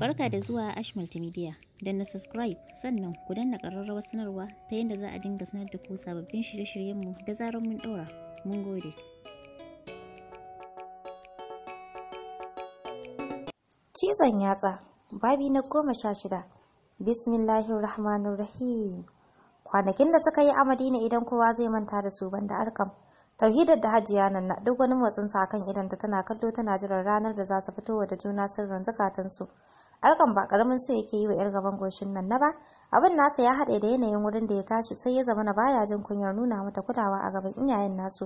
Barka da zuwa Ash Multimedia. Don na subscribe sannan ku danna ƙararrawar sanarwa ta yadda za a dinga sanar da ku sababbin shirye-shiryenmu da zarar mun ɗora. Mun gode. Cizon yatsa, babi na goma sha shida. rahim Kwanakin da suka yi amadi ne idan kowa zai manta da su banda arkam. Tauhidar da Hajiya nan na duk wani motsin sa kan idan idanta tana kallo tana jiran ranar da za su fito da juna sirrin zukatansu. su. arkan ba karamin so yake yi wa yar gaban goshin nan na ba abin nasa ya haɗe da yanayin wurin da ya tashi sai ya zama na baya jin kunyar nuna mata kulawa a gaban iyayen nasu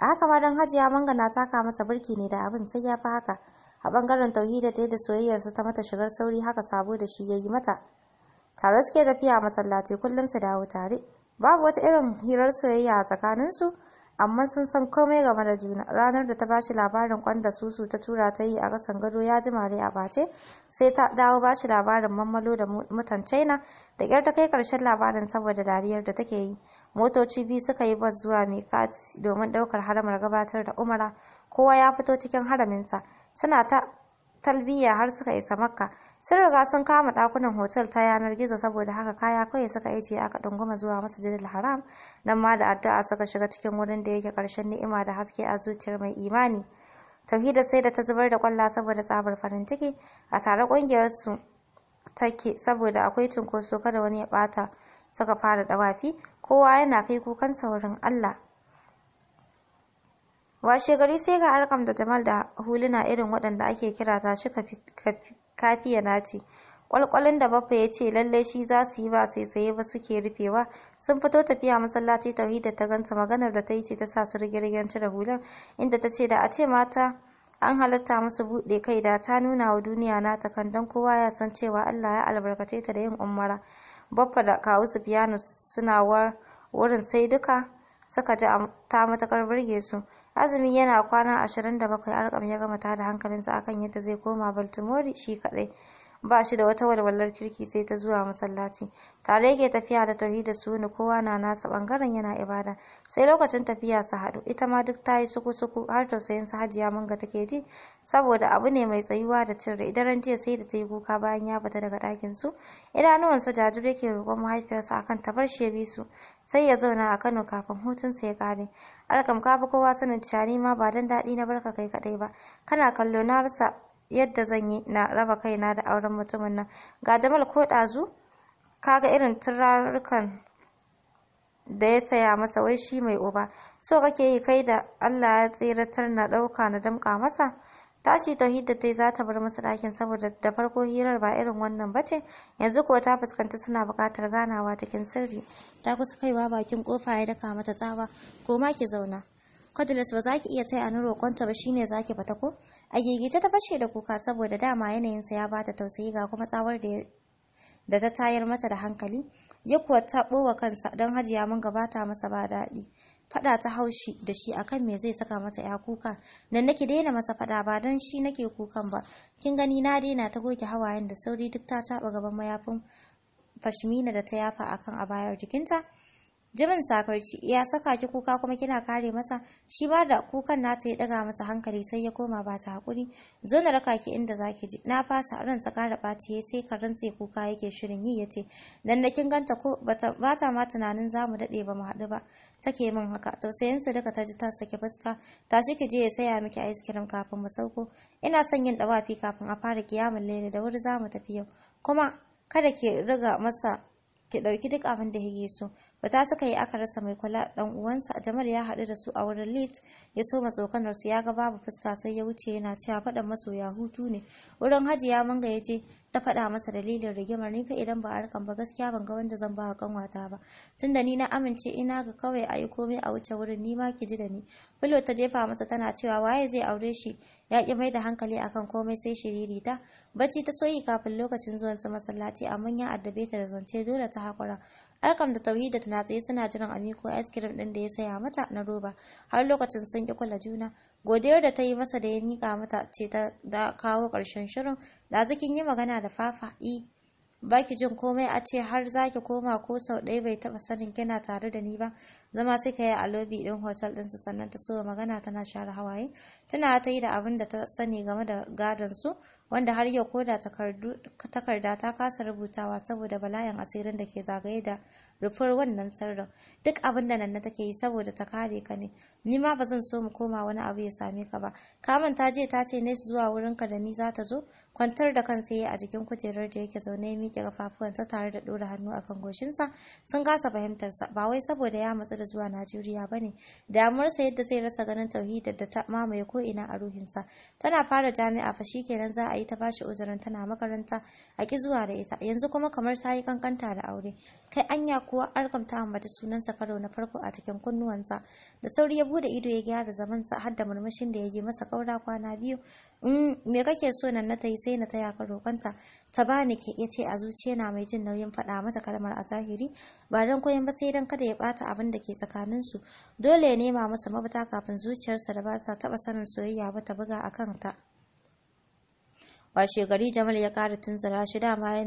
a haka ma dan hajiya mangana taka masa birki ne da abin sai ya fi haka a bangaren tauhida ta da soyayyarsa ta mata shigar sauri haka sabo da shi ya yi mata tare suke tafiya masallaci kullum su dawo tare babu wata irin hirar soyayya a tsakaninsu amma sun san komai game da juna ranar da ta bashi labarin kwanda susu ta tura ta yi a kasan gado ya ji mare a bace sai ta dawo bashi labarin mammalo da mutan china da kyar ta kai karshen labarin saboda dariyar da take yi motoci biyu suka yi bas zuwa mai kati domin daukar haramar gabatar da umara kowa ya fito cikin haraminsa suna ta talbiya har suka isa makka sun riga sun kama dakunan hotel ta yanar gizo saboda haka kaya kawai suka ajiye aka dunguma zuwa masjidil haram nan ma da addu'a suka shiga cikin wurin da yake karshen ni'ima da haske a zuciyar mai imani tauhida sai da ta zubar da kwalla saboda tsabar farin ciki a tare kungiyar su take saboda akwai cunkoso kada wani ya bata suka fara dawafi kowa yana kai kukan saurin Allah washe gari sai ga arkam da jamal da huluna irin waɗanda ake kira ta shi kafiya ce kwalkwalin da baffa ya ce lallai shi za su yi ba sai saye ba suke rufewa sun fito tafiya masallaci tauhida ta gansa maganar da ta yi ce ta sa su rigirgen cire hular inda ta ce da a ce mata an halatta musu buɗe kai da ta nuna wa duniya ta kan don kowa ya san cewa allah ya albarkace ta da yin umara baffa da kawu sufiyanu suna wurin sai duka suka ji ta matakar burge su azumi yana kwana 27 arkam ya gama tada hankalinsa akan yadda zai koma baltimore shi kadai ba shi da wata walwalar kirki sai ta zuwa masallaci tare yake tafiya da tauhid da sunu kowa na nasa bangaren yana ibada sai lokacin tafiya su haɗu ita ma duk ta yi suku-suku har tausayin su hajiya manga take ji saboda abu ne mai tsayuwa da cin rai idan jiya sai da ta yi kuka bayan ya fita daga ɗakin su idanuwansa jajir yake roƙon mahaifiyarsa akan ta bar shi ya bi su sai ya zauna a Kano kafin hutunsa ya kare alkam ka kowa sanin cani ma ba dan daɗi na barka kai kaɗai ba kana kallo na rasa yadda zan yi na raba kaina da auren mutumin nan ga jamal ko ɗazu kaga irin turarukan da ya saya masa wai shi mai uba so kake yi kai da Allah ya tseratar na ɗauka na damƙa masa tashi tauhid da yi za ta bar masa ɗakin saboda da farko hirar ba irin wannan bace yanzu kuwa ta fuskanci suna buƙatar ganawa cikin sirri ta kusa kaiwa bakin kofa ya daka mata tsawa ko ma ki zauna kwadilas ba za ki iya tsaye a roƙonta ba shine za ki fita ko a gegece ta fashe da kuka saboda dama yanayinsa ya bata tausayi ga kuma tsawar da da ta tayar mata da hankali ya kuwa taɓo wa kansa don hajiya mun gabata masa ba daɗi faɗa ta haushi da shi akan me zai saka mata ya kuka nan nake daina masa faɗa ba don shi nake kukan ba kin gani na daina ta goge hawayen da sauri duk ta taɓa gaban mayafin fashmina da ta yafa akan a abayar jikinta jibin sakarci ya saka ki kuka kuma kina kare masa shi ba da kukan nata ya daga masa hankali sai ya koma ba ta hakuri zo na raka ki inda zaki ji na fasa ran sa kare baci sai ka rantse kuka yake shirin yi yace dan da kin ganta ko bata bata ma tunanin zamu dade ba mu haɗu ba take min haka to sai yansa duka ta ji ta saki fuska tashi ki je ya saya miki ice cream kafin mu sauko ina son yin dawafi kafin a fara kiyamin laili da wuri zamu tafi yau kuma kada ki riga masa ki dauki duk abin da yake so Bata suka yi aka rasa mai kula dan uwansa Jamal ya haɗu da su a wurin lit ya so matsokanar su ya ga babu fuska sai ya wuce yana cewa faɗan ya hutu ne. Wurin ya Manga ya je ta faɗa masa dalilin rigimar ni fa idan ba a ba gaskiya ban ga wanda zan ba wa kanwata ba tunda ni na amince ina ga kawai a yi komai a wuce wurin ni ma ki ji da ni Fulo ta jefa masa tana cewa waye zai aure shi ya ki mai da hankali akan komai sai shiririta bacci ta soyi kafin lokacin zuwan sa masallaci amma ya addabe ta da zance dole ta hakura Arkam da Tauhida tana tsaye suna jiran Amiko ice cream din da ya saya mata na roba har lokacin sun ki kula juna. Godiyar da ta yi masa da ya mika mata ce ta da kawo ƙarshen shirin da zikin yi magana da fafa i e, ba ki jin komai a ce har za ki koma ko sau ɗaya bai taɓa sanin kina tare da ni ba zama sai ka yi a lobi ɗin hotel ɗinsu sannan ta so magana tana share hawaye tana ta yi da abin da ta sani game da gadon su wanda har yau koda takarda ta kasa rubutawa saboda bala'in asirin da ke zagaye da rufar wannan sirrin duk abin da nan take yi saboda ta kare ka ne ni ma ba zan so mu koma wani abu ya same ka ba ka ta je ta ce nes zuwa wurin ka da ni za ta zo kwantar da kansa ya a jikin kujerar da yake zaune ya miƙe kafafuwansa tare da ɗora hannu akan goshinsa sun kasa fahimtarsa ba wai saboda ya matsu da zuwa Najeriya ba ne damuwarsa yadda zai rasa ganin tauhidar da ta mamaye ko ina a ruhinsa tana fara jami'a fa kenan za a yi ta bashi uzurin tana makaranta a ki zuwa da ita yanzu kuma kamar ta yi kankanta da aure kai anya kuwa arkamta ambata sunansa karo na farko a cikin kunnuwansa da sauri ya bude ido ya gyara zamansa har da murmushin da ya yi masa kaura kwana biyu in mm, me kake so nan na tayi sai na taya ka roƙonta ta bani ke ya ce a zuciya na mai jin nauyin faɗa mata kalmar a zahiri ba don koyon ba sai don kada ya ɓata abin da ke tsakaninsu dole ya nema masa mafita kafin zuciyarsa da ba ta taɓa sanin soyayya ba ta buga a kanta washe gari jamal ya ƙara tunzura shi dama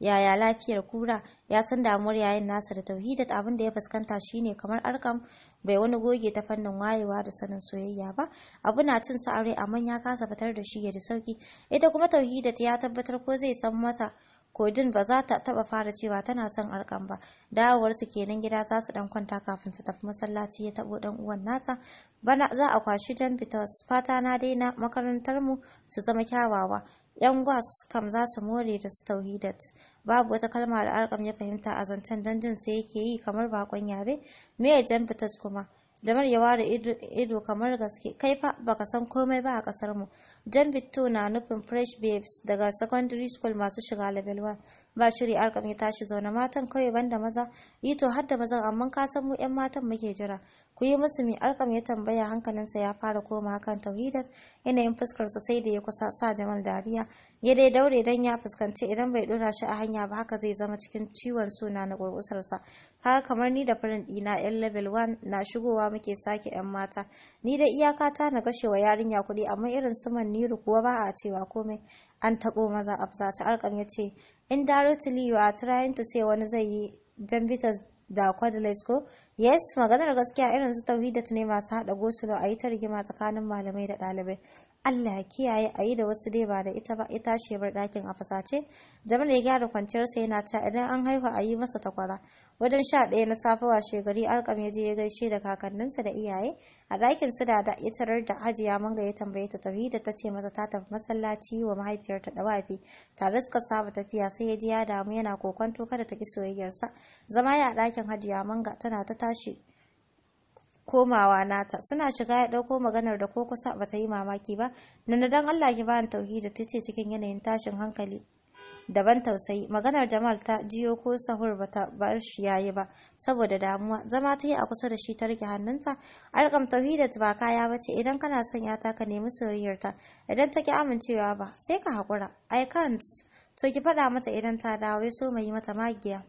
yaya lafiyar kura ya san damuwar yayin nasa da tauhidat abin da ya fuskanta shine kamar arkam bai wani goge ta fannin wayewa da sanin soyayya ba abu na cin sa aure amma ya kasa fitar da shi ya ji sauki ita kuma tauhidat ya tabbatar ko zai san mata kodin ba za ta taba fara cewa tana son arkan ba dawowarsu kenan gida za su dan kwanta kafin su tafi masallaci ya tabo dan uwan nata bana za a kwashi jan bitas fata na daina makarantar mu su zama kyawawa 'Yan gwas kam za su more da su tauhidat. Babu wata kalma da ya fahimta a zancen don jin sai yake yi kamar bakon yare, me ya jan fitas kuma. Jamar ya ware ido kamar gaske, kai fa baka san komai ba a kasar mu. Jan fito na nufin Fresh Babes daga secondary school masu shiga level 1. Ba shiri arkam ya tashi zaune matan kawai banda maza, ito har da mazan amma ka san mu 'yan matan muke jira. ku yi musu mai arkam ya tambaya hankalinsa ya fara koma kan tauhidar yanayin fuskarsa sai da ya kusa sa jamal dariya ya dai daure dan ya fuskanci idan bai dora shi a hanya ba haka zai zama cikin ciwon suna na gurgusarsa haka kamar ni da farin dina yan level 1 na shigowa muke sake yan mata ni da iyaka ta na wa yarinya kuɗi amma irin su niru kuwa ba a cewa komai an taɓo maza a fusace arkam ya ce indirectly you are trying to say wani zai yi bita. da kwadalesco Yes, maganar gaskiya irin su Tauhidat ne masu haɗa gosulo a yi ta rigima tsakanin malamai da ɗalibai. Allah ya kiyaye a yi da wasu dai ba da ita ba ita ce bar ɗakin a fasace Jamal ya gyara kwanciyarsa yana ta idan an haihu a yi masa takwara wajen sha ɗaya na safe washe gari arkam ya je ya gaishe da kakanninsa da iyaye a ɗakin su da da ya tarar da hajiya manga ya tambaye ta tafi da ta ce masa ta tafi masallaci wa mahaifiyarta da wafi tare suka saba tafiya sai ya ji ya damu yana kokonto kada ta ki soyayyarsa zama ya a ɗakin hajiya manga tana ta tashi komawa nata suna shiga ya dauko maganar da ko kusa bata yi mamaki ba nana dan Allah ki bani tauhida tace cikin yanayin tashin hankali daban tausayi maganar Jamal ta jiyo ko sahur bata bar shi yayi ba saboda damuwa zama ta yi a kusa da shi ta rike hannunta arkam tauhida ba kaya bace idan kana son ya taka ka nemi soyayyarta idan ta ki amincewa ba sai ka hakura i can't to ki faɗa mata idan ta dawo ya so mai mata magiya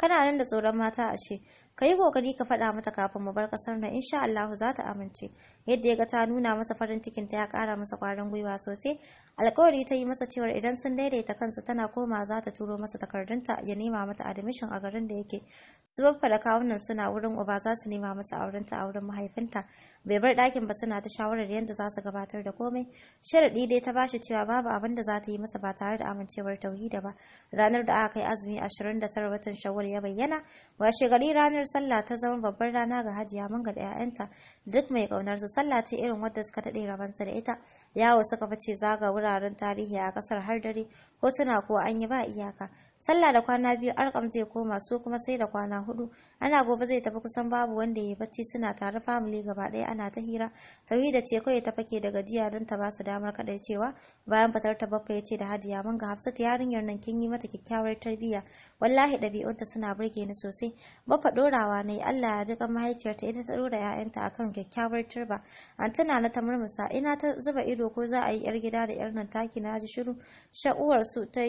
kana nan da tsoron mata ashe ka yi kokari ka faɗa mata kafin mu bar ƙasar nan insha Allah za ta amince yadda ya ga ta nuna masa farin cikin ta ya ƙara masa ƙwarin gwiwa sosai alkawari ta yi masa cewar idan sun daidaita kansu tana koma za ta turo masa takardunta ya nema mata admission a garin da yake su babba da kawunan suna wurin uba za su nema masa aurenta a wurin mahaifinta bai bar ɗakin ba suna ta shawarar yadda za su gabatar da komai sharaɗi dai ta bashi cewa babu abin da za ta yi masa ba tare da amincewar tauhida ba ranar da aka kai azumi 29 watan shawwal ya bayyana washe gari ranar sallah ta zama babbar rana ga hajiya manga da 'ya'yanta duk mai kaunar su sallah ce irin wadda suka daɗe rabanta da ita yawo suka fice zaga wuraren tarihi a kasar har dare ko hotuna ko an yi ba iyaka sallah da kwana biyu arkam zai koma su kuma sai da kwana hudu ana gobe zai tafi kusan babu wanda ya bacci suna tare family gaba ɗaya ana ta hira da ce kawai ta fake da gajiya don ta ba su damar kadai cewa bayan fitar ta babba ya ce da hadiya mun ga hafsat yarinyar nan kin yi mata kyakkyawar tarbiyya wallahi ɗabi'unta suna burge ni sosai bafa ɗorawa ne Allah ya jiga mahaifiyarta ita ta ɗora 'ya'yanta akan kyakkyawar turba an tana na ta murmusa ina ta zuba ido ko za a yi yar gida da yar nan taki na ji shiru sha'uwar su ta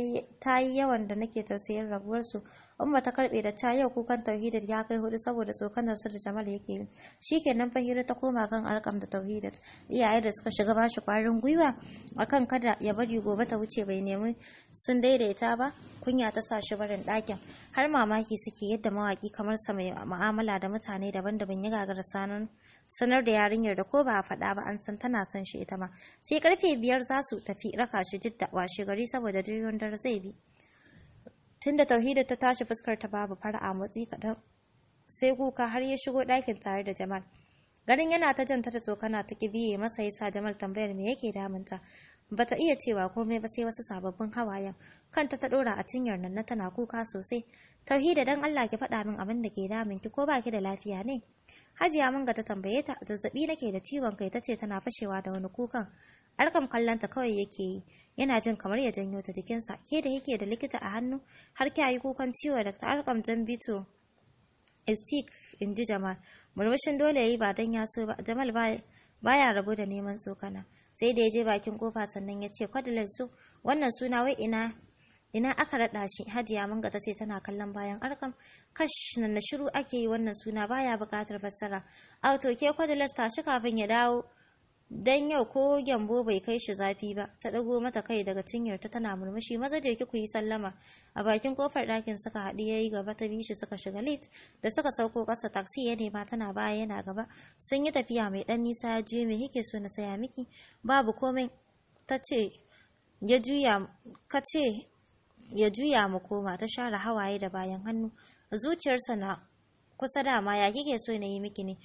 yi yawan da nake take tausayin rabuwarsu umma ta karbe da ta yau kukan tauhidat ya kai hudu saboda tsokanar su da jamal yake yi shikenan fahira ta koma kan arkam da tauhidat iyaye da suka shiga bashi kwarin gwiwa akan kada ya bari gobe ta wuce bai nemi sun daidaita ba kunya ta sa shi barin ɗakin har mamaki suke yadda mawaki kamar sa mai mu'amala da mutane daban-daban ya gagara sanan sanar da yarinyar da ko ba a faɗa ba an san tana son shi ita ma sai karfe biyar za su tafi raka shi jidda washe gari saboda jirgin dare zai bi tunda tauhida ta tashi fuskar ta babu fara'a motsi kadan sai kuka har ya shigo ɗakin tare da jamal ganin yana ta janta ta tsokana ta biye masa yasa jamal tambayar me yake damunta bata iya cewa komai ba sai wasu sababbin hawayen kanta ta ɗora a cinyar nan na tana kuka sosai tauhida dan Allah ki faɗa min abin da ke damun ki ko baki da lafiya ne Hajiya ga ta tambaye ta zazzabi nake da ciwon kai tace tana fashewa da wani kukan kallon kallonta kawai yake yi yana jin kamar ya janyo ta jikinsa ke da yake da likita a hannu har kya yi kukan ciwo da arkam jan bito istik in ji jamal murmushin dole ya yi ba dan ya so ba jamal baya rabu da neman tsokana sai da ya je bakin kofa sannan ya ce su wannan suna wai ina ina aka raɗa shi hajiya manga ga ce tana kallon bayan arkam kash na shiru ake yi wannan suna baya buƙatar fassara auto ke ta tashi kafin ya dawo dan yau ko gyambo bai kai shi zafi ba ta ɗago mata kai daga cinyar ta tana murmushi maza je ki ku yi sallama a bakin kofar ɗakin suka haɗu ya yi gaba ta bi shi suka shiga lift da suka sauko ƙasa taxi ya nema tana baya yana gaba sun yi tafiya mai ɗan nisa ya je me kike so na saya miki babu komai ta ce ya juya ka ce ya juya mu koma ta share hawaye da bayan hannu zuciyarsa na kusa dama ya kike so na yi miki ne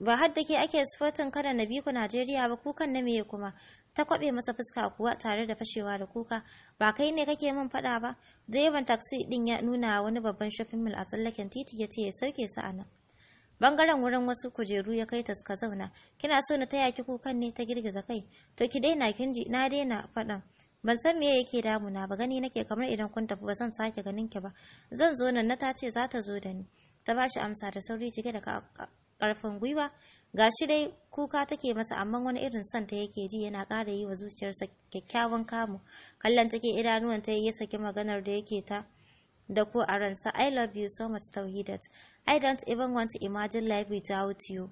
ba har da ke ake sifatin kada na biku Najeriya ba kukan na meye kuma ta kwabe masa fuska kuwa tare da fashewa da kuka ba kai ne kake min fada ba direban taxi din ya nuna wani babban shopping mall a tsallaken titi ya ce ya sauke su a nan bangaren wurin wasu kujeru ya kai ta suka zauna kina so na taya ki kukan ne ta girgiza kai to ki daina kin ji na daina fadan ban san me yake damuna ba gani nake kamar idan kun tafi ba zan sake ganin ki ba zan zo nan na tace za ta zo da ni ta bashi amsa da sauri cike da ƙarfin gwiwa ga shi dai kuka take masa amma wani irin son ta yake ji yana ƙara yi wa zuciyarsa kyakkyawan kamu kallon take idanuwan ta ya saki maganar da yake ta da ko a ransa i love you so much tauhidat i don't even want to imagine life without you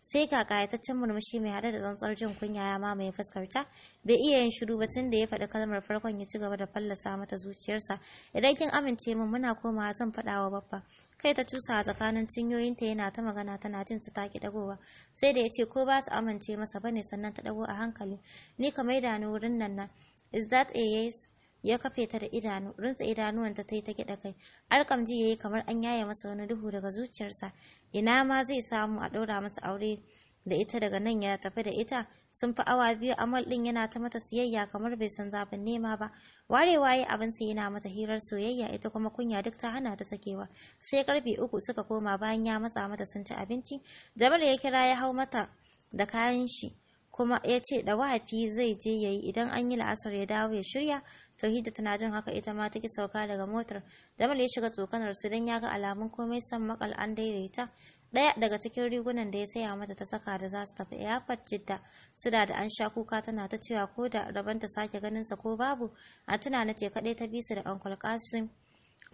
sai ga kayataccen murmushi mai hada da tsantsar jin kunya ya mamaye fuskarta bai iya yin shiru ba tun da ya faɗi kalmar farkon ya ci gaba da fallasa mata zuciyarsa idan kin amince min muna komawa zan faɗa wa babba kai ta cusa a tsakanin cinyoyinta yana ta magana tana jin su taki ɗagowa. sai da ya ce ko ba ta amince masa ba ne sannan ta dago a hankali ni ka maida ni wurin nan na is that a yes ya kafe ta da idanu rintsa idanuwan ta yi ta gida kai arkam ji yayi kamar an yaye masa wani duhu daga zuciyarsa ina ma zai samu a ɗora masa aure da ita daga nan ya tafi da ita sun fi awa biyu amal din yana ta mata siyayya kamar bai san zafin nema ba warewa yi abin sai yana mata hirar soyayya ita kuma kunya duk ta hana ta sakewa sai karfe uku suka koma bayan ya matsa mata sun ci abinci jamal ya kira ya hau mata da kayan shi kuma ya ce da wafi zai je ya yi idan an yi la'asar ya dawo ya shirya tauhida tana jin haka ita ma ta ki sauka daga motar jamal ya shiga tsokanar su don ya ga alamun komai san makal an daidaita daya daga cikin rigunan da ya saya mata ta saka da za su tafi airport jidda su da an sha kuka tana ta cewa ko da rabanta sake ganin sa ko babu a tuna na ce kadai ta bi su da uncle kasim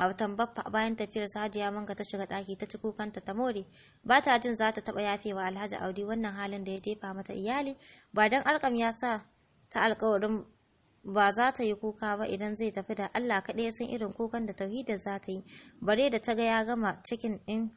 a watan baffa bayan tafiyar Hajiya manga ta shiga daki ta ci kukanta ta more ba ta jin za ta taba yafewa alhaji audi wannan halin da ya jefa mata iyali ba dan arkam ya sa ta alkawarin ba za ta yi kuka ba idan zai tafi da Allah kaɗai san irin kukan da tauhidar za ta yi bare da ta ga ya gama cikin ɗin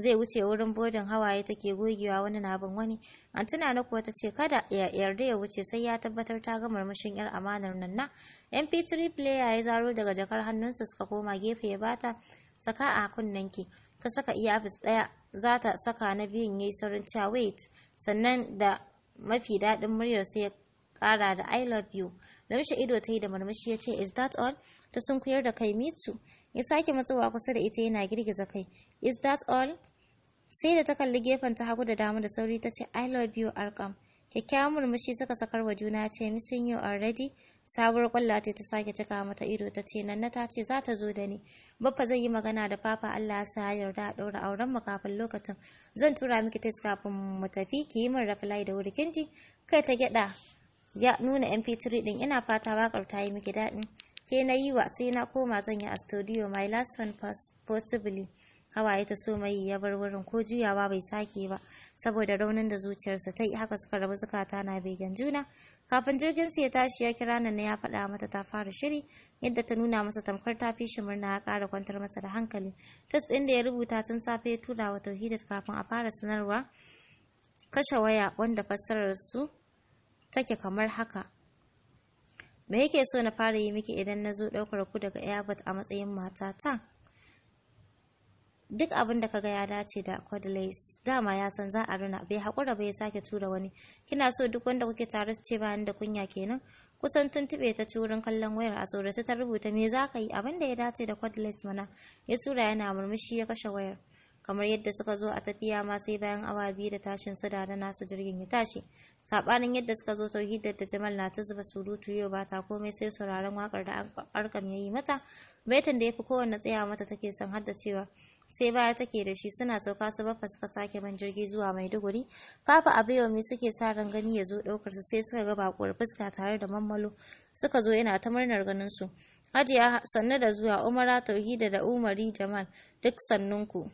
zai wuce wurin bodin hawaye take gogewa wani na wani an tuna na kuwa ta ce kada ya yarda ya wuce sai ya tabbatar ta ga murmushin yar amanar nan na mp3 player ya zaro daga jakar hannunsa suka koma gefe ya bata saka a kunnen ki ta saka iya abis daya za ta saka na biyun yayi saurin cewa wait sannan da mafi daɗin muryar sai ya kara da i love you Ramsha ido ta yi da murmushi ya ce, Is that all? Ta sunkuyar da kai mitu. Ya sake matsowa kusa da ita yana girgiza kai. Is that all? sai da ta kalli gefen ta hagu da dama da sauri ta ce i love you arkam kyakkyawan murmushi suka sakar wa juna ce missing you already sabuwar kwalla ce ta sake cika mata ido ta ce nan ta ce za ta zo da ni baffa zai yi magana da fafa Allah ya sa yarda a ɗaura auren mu kafin lokacin zan tura miki tes kafin mu tafi ki yi min reply da wuri kinji kai ta gyada ya nuna mp3 din ina fata wakar ta yi miki daɗin ke na yi wa sai na koma zan yi a studio my last one possibly hawaye ta so mai ya bar wurin ko juyawa bai sake ba saboda raunin da zuciyarsa ta yi haka suka rabu zukata na begen juna kafin jirgin su ya tashi ya kira nan ya faɗa mata ta fara shiri yadda ta nuna masa tamkar ta fi shi murna ya ƙara kwantar masa da hankali tas ɗin da ya rubuta tun safe ya tura wa tauhida kafin a fara sanarwa kashe waya wanda fassarar su take kamar haka me yake so na fara yi miki idan na zo ɗaukar ku daga airport a matsayin matata duk abin da kaga ya dace da Cordelaise dama ya san za a rina bai haƙura bai sake tura wani kina so duk wanda kuke tare su ce ba da kunya kenan kusan tuntuɓe ta ci wurin kallon wayar a tsoro ta rubuta me za ka yi abin da ya dace da Cordelaise mana ya tura yana murmushi ya kashe wayar kamar yadda suka zo a tafiya ma sai bayan awa biyu da tashin su da nasu jirgin ya tashi sabanin yadda suka zo tauhid da jamal na ta zuba surutu yau ba ta komai sai sauraron wakar da arkam ya yi mata baitan da ya fi kowanne tsaya mata take son haddacewa. sai baya take da shi suna sauka su ba suka sake ban jirgi zuwa maiduguri fafa abiyomi suke sa ran gani ya zo ɗaukar su sai suka ga bakuwar fuska tare da mammalo suka zo yana ta murnar ganin su hajiya sannu da zuwa umara tauhida da umari jamal duk sannunku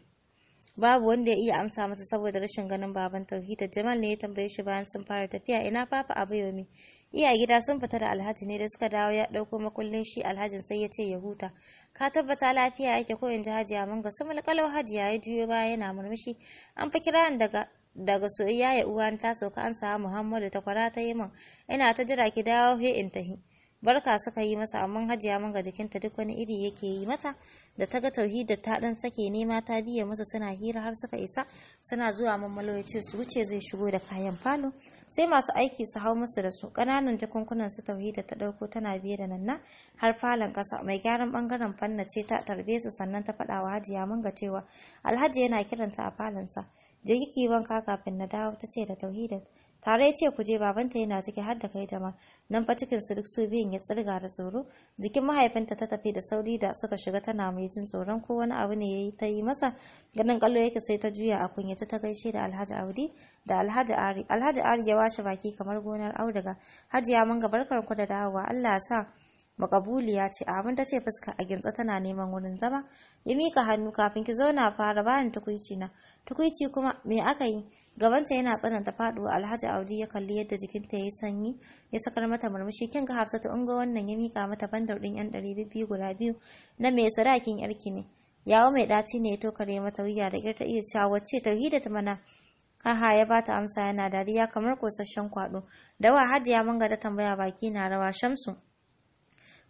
babu wanda ya iya amsa masa saboda rashin ganin baban tauhida jamal ne ya tambaye shi bayan sun fara tafiya ina fafa abu bayomi iya gida sun fita da alhaji ne da suka dawo ya ɗauko makullin shi alhajin sai ya ce ya huta ka tabbata lafiya yake ko in ji hajiya mun ga Su kalau hajiya ya juyo baya yana murmushi an fi kiran daga daga soyayya ya uwa ta sauka an samu muhammadu ta kwara ta yi min ina ta jira ki dawo he in tahi barka suka yi masa amma hajiya mun ga jikinta duk wani iri yake yi mata da ta ga da ta dan sake nema ta biya masa suna hira har suka isa suna zuwa mammalo ya ce su wuce zai shigo da kayan falo sai masu aiki su hau musu da su kananan jakunkunan su tauhid ta ɗauko tana biye da nanna har falon ƙasa mai gyaran bangaren fanna ce ta tarbe su sannan ta faɗa wa hajiya ga cewa alhaji yana kiranta a falonsa je kiki wanka kafin na dawo ta ce da tauhid tare ce ku je babanta yana ciki har da kai jama'a. nan fa cikin su biyan ya tsirga da tsoro jikin mahaifinta ta tafi da sauri da suka shiga tana mai jin tsoron ko wani abu ne yayi ta yi masa ganin kallo yake sai ta juya a kunyace ta gaishe da Alhaji Audi da Alhaji Ari Alhaji Ari ya washe baki kamar gonar auduga Hajiya mun ga barkar ku da dawowa Allah ya sa makabuliya ce abin ta ce fuska a gintsa tana neman wurin zama ya mika hannu kafin ki zauna fara bayan tukuici na Tukuici kuma me aka yi? Gabanta yana tsananta faduwa Alhaji Audi ya kalli yadda jikinta ya yi sanyi ya sakar mata murmushi kin ga ta ungo wannan ya mika mata bandar din yan ɗari biyu guda biyu na me sadakin yarki ne. Yawo mai ɗaci ne ya tokare mata wuya da ta iya cewa wacce tauhida ta mana. Haha ya bata amsa yana dariya kamar kosasshen kwado. wa Hajiya ga ta tambaya baki na rawa Shamsu.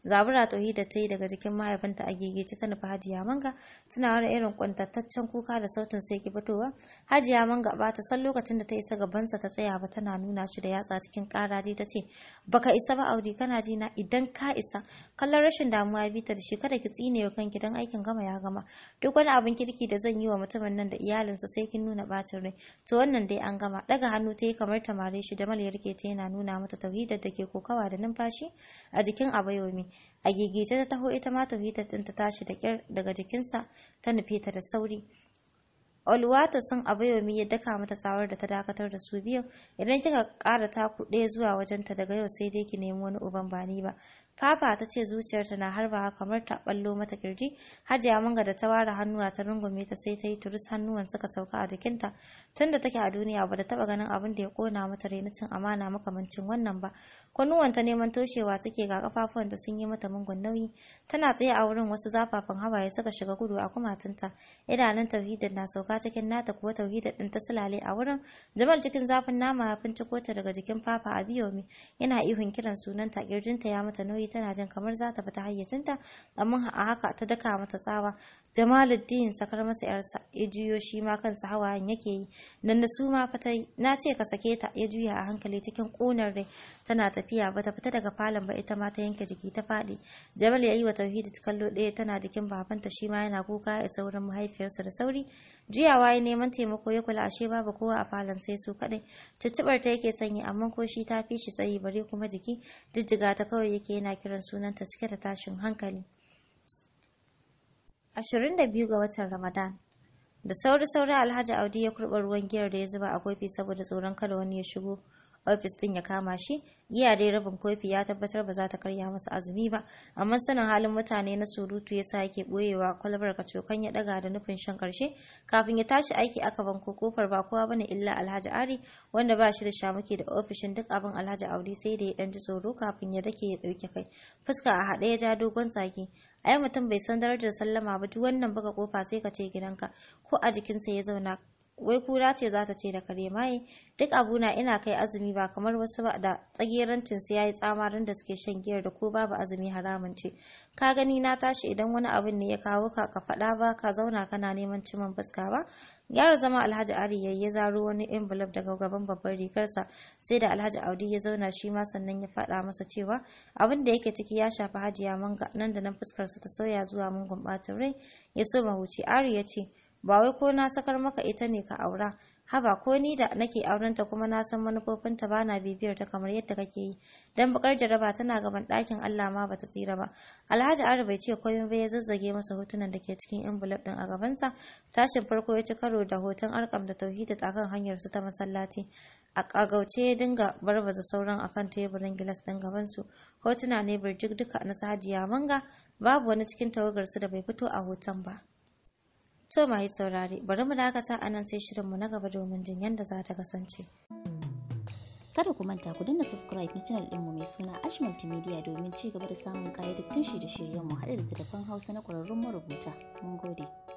zabura hida ta yi daga jikin mahaifinta a gegece ta nufi hajiya manga tana wani irin kwantataccen kuka da sautin sai ki fitowa hajiya manga ba ta san lokacin da ta isa gabansa ta tsaya ba tana nuna shi da yatsa cikin kara ta ce baka isa ba audi kana ji na idan ka isa kallon rashin damuwa bi ta da shi kada ki tsine wa kanki dan aikin gama ya gama duk wani abin kirki da zan yi wa mutumin nan da iyalinsa sai kin nuna bacin rai to wannan dai an gama daga hannu ta yi kamar tamare shi da mal ya ta yana nuna mata tauhidar da ke kokawa da numfashi a jikin abayomi a gigice ta taho ita ma tauhida din ta tashi da kyar daga jikinsa ta nufe ta da sauri olwato sun abayomi ya daka mata tsawar da ta dakatar da su biyu idan kika ƙara taku ɗaya zuwa wajenta daga yau sai dai ki nemi wani uban bani ba Papa ta ce zuciyarta na harba kamar ta ɓallo mata kirji, Hajiya Manga da ta ware hannuwa ta rungume ta sai ta yi turus hannuwan suka sauka a jikinta. Tunda take a duniya ba da taba ganin abin da ya kona mata raina cin amana makamancin wannan ba. Kunnuwanta neman toshewa suke ga kafafuwanta sun yi mata mungun nauyi. Tana tsaye a wurin wasu zafafan hawaye suka shiga gudu a kumatunta. Idanun tauhidin na sauka cikin nata kuwa tauhidin din ta sulale a wurin. Jamal cikin zafin nama ya finciko ta daga jikin fafa a biyomi. Yana ihun kiran sunanta kirjinta ya mata nauyi tana jin kamar za ta fita hayyacinta amma a haka ta daka mata tsawa. jamaluddin sakar masa yarsa ya juyo shi ma kansa hawayen yake yi nan da su ma fatai na ce ka sake ta ya juya a hankali cikin ƙunar rai tana tafiya ba ta fita daga falon ba ita ma ta yanke jiki ta faɗi jamal ya yi wa tauhidi kallo ɗaya tana jikin babanta shi ma yana kuka ya saurin mahaifiyarsa da sauri juyawa ya neman taimako ya kula ashe babu kowa a falon sai su kaɗai Tuttubar ta yake sanyi amma ko shi ta fi shi tsayi bare kuma jiki jijjiga ta kawai yake yana kiran sunanta cike da tashin hankali 22 ga watan Ramadan. Da sauri-sauri Alhaji Audi ya kurɓa ruwan giyar da ya zuba a kofi saboda tsoron kada wani ya shigo ofis ɗin ya kama shi. Giya dai rabin kofi ya tabbatar ba za ta karya masa azumi ba, amma sanin halin mutane na surutu ya sa yake ɓoyewa kwalbar cokan ya ɗaga da nufin shan ƙarshe. Kafin ya tashi aiki aka banko kofar ba kowa bane illa Alhaji Ari wanda ba shi da shamuke da ofishin duk abin Alhaji Audi sai da ya ɗan ji tsoro kafin ya dake ya ɗauki kai. Fuska a haɗe ya ja dogon tsaki. ai mutum bai san darajar sallama ba duk wannan buga kofa sai ka ce gidanka ko a jikinsa ya zauna wai kura ce za ta ce da kare maye duk abuna ina kai azumi ba kamar wasu ba da tsagerancin su yayi tsamarin da suke shan giyar da ko babu azumi haramun ce ka gani na tashi idan wani abin ne ya kawo ka ka faɗa ba ka zauna kana neman ciman fuska ba gyara zama alhaji ari ya yi zaro wani envelope daga gaban babban rigarsa sai da alhaji audi ya zauna shi ma sannan ya faɗa masa cewa abin da yake ciki ya shafi hajiya manga nan da nan fuskarsa ta sauya zuwa mungun batun rai ya so mahuci ari ya ce ba wai ko na sakar maka ita ne ka aura haba ko ni da nake auren ta kuma na san manufofin ta bana bibiyar ta kamar yadda kake yi dan bakar jaraba tana gaban ɗakin Allah ma bata tsira ba Alhaji Ari bai ce koyon ba ya zazzage masa hotunan da ke cikin envelope din a gabansa tashin farko ya ci karo da hoton arkam da ta akan hanyar su ta masallaci a kagauce ya dinga barbaza sauran akan teburin gilas din gabansu hotuna ne burjik duka na sajiya Manga babu wani cikin su da bai fito a hoton ba To mai saurare, bari mu dakata a nan sai shirinmu na gaba domin jin yadda za ta kasance. Kada ku manta ku danna subscribe na channel ɗinmu mai suna Ash Multimedia domin ci gaba da samun ƙayyadattun shirye-shiryenmu haɗe da tafan Hausa na ƙwararrun marubuta. Mun gode.